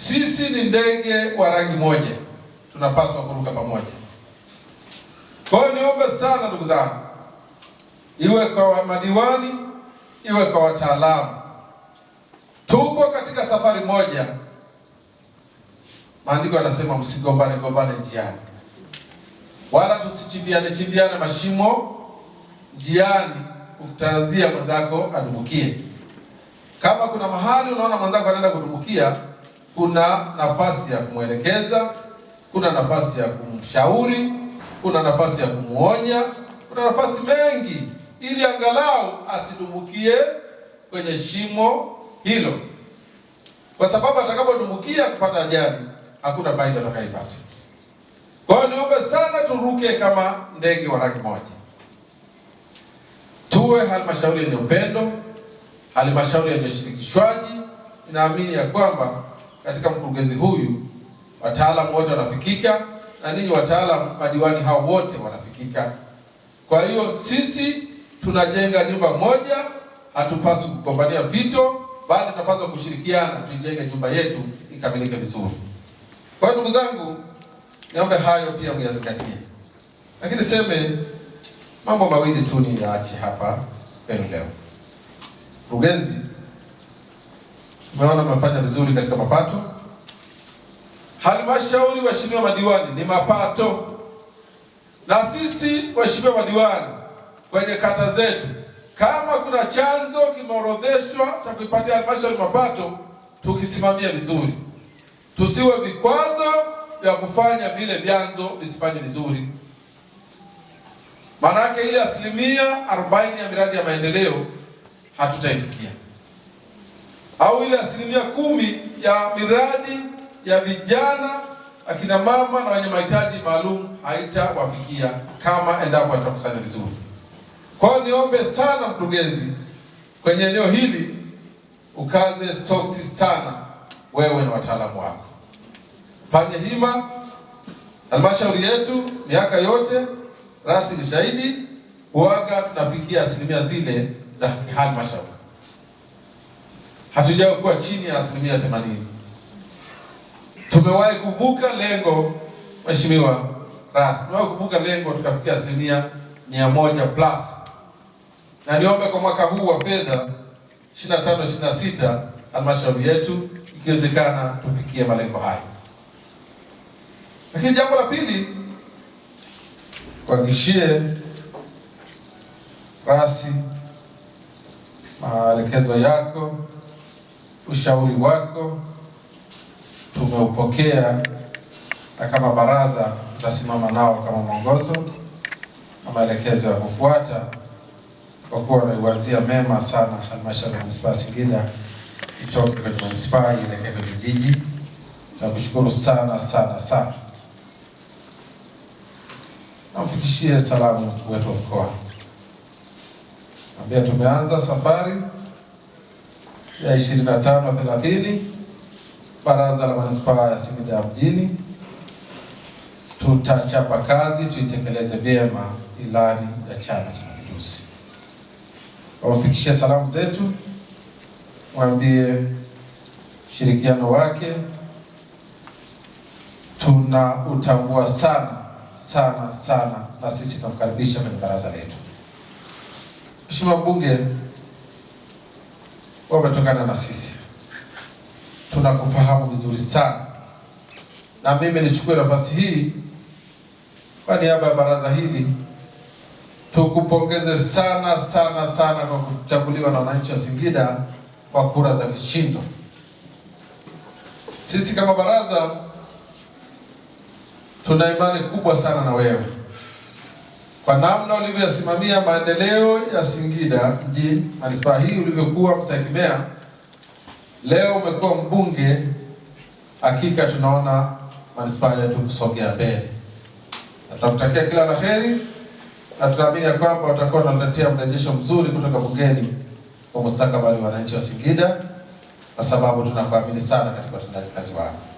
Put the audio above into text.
Sisi ni ndege wa rangi moja, tunapaswa kuruka pamoja. Kwa hiyo niombe sana ndugu zangu, iwe kwa madiwani, iwe kwa wataalamu, tuko katika safari moja. Maandiko yanasema msigombane gombane njiani, wala tusichimbiane chimbiane mashimo njiani, ukitazia mwenzako adumukie Kama kuna mahali unaona mwenzako anaenda kudumbukia kuna nafasi ya kumwelekeza, kuna nafasi ya kumshauri, kuna nafasi ya kumuonya, kuna nafasi mengi, ili angalau asidumbukie kwenye shimo hilo, kwa sababu atakapodumbukia kupata ajali hakuna faida atakayopata. Kwa hiyo niombe sana turuke kama ndege wa rangi moja, tuwe halmashauri yenye upendo, halmashauri yenye ushirikishwaji. Naamini ya kwamba katika mkurugenzi huyu, wataalamu wote wanafikika, na ninyi wataalamu madiwani hao wote wanafikika. Kwa hiyo sisi tunajenga nyumba moja, hatupaswi kugombania vito, bali tunapaswa kushirikiana tuijenge nyumba yetu ikamilike vizuri. Kwa hiyo ndugu zangu, niombe hayo pia muyazingatie lakini seme mambo mawili tu ni yaache hapa leo. Mkurugenzi Tumeona mmefanya vizuri katika mapato. Halmashauri, waheshimiwa madiwani, ni mapato, na sisi waheshimiwa madiwani kwenye kata zetu, kama kuna chanzo kimeorodheshwa cha kuipatia halmashauri mapato, tukisimamia vizuri, tusiwe vikwazo vya kufanya vile vyanzo visifanye vizuri. Maanake ile asilimia arobaini ya miradi ya maendeleo hatutaifikia au ile asilimia kumi ya miradi ya vijana, akina mama na wenye mahitaji maalum haitawafikia kama endapo atakusanya vizuri. Kwa hiyo niombe sana mkurugenzi, kwenye eneo hili ukaze soksi sana, wewe na wataalamu wako. Fanye hima. Halmashauri yetu miaka yote, rasi ni shahidi, huaga tunafikia asilimia zile za halmashauri hatujawahi kuwa chini ya asilimia themanini. Tumewahi kuvuka lengo, Mheshimiwa ras, tumewahi kuvuka lengo tukafikia asilimia mia moja plus, na niombe kwa mwaka huu wa fedha 25 26 halmashauri yetu ikiwezekana tufikie malengo hayo. Lakini jambo la pili, kuhakikishie rasi maelekezo yako Ushauri wako tumeupokea, na kama baraza tutasimama nao kama mwongozo na maelekezo ya kufuata, kwa kuwa wanaiwazia mema sana halmashauri ya manispaa Singida itoke kwenye manispaa ielekee kwenye jiji. Nakushukuru sana sana sana. Namfikishie salamu wetu wa mkoa, ambia tumeanza safari ya 25 30 Baraza la Manispaa ya Singida Mjini, tutachapa kazi tuitekeleze vyema ilani ya Chama cha Mapinduzi. Wamfikishie salamu zetu, mwambie ushirikiano wake tuna utambua sana sana sana, na sisi tunamkaribisha kwenye baraza letu. Mheshimiwa Mbunge wewe umetokana na sisi, tunakufahamu vizuri sana, na mimi nichukue nafasi hii kwa niaba ya baraza hili tukupongeze sana sana sana kwa kuchaguliwa na wananchi wa Singida kwa kura za kishindo. Sisi kama baraza tuna imani kubwa sana na wewe kwa namna ulivyosimamia maendeleo ya Singida mjini, manispaa hii ulivyokuwa msaikimea, leo umekuwa mbunge, hakika tunaona manispaa yetu kusogea mbele, Natakutakia kila la heri, na tunaamini ya kwamba watakuwa wanaletea mrejesho mzuri kutoka bungeni kwa mustakabali wa wananchi wa Singida, kwa sababu tunakuamini sana katika utendaji kazi wako.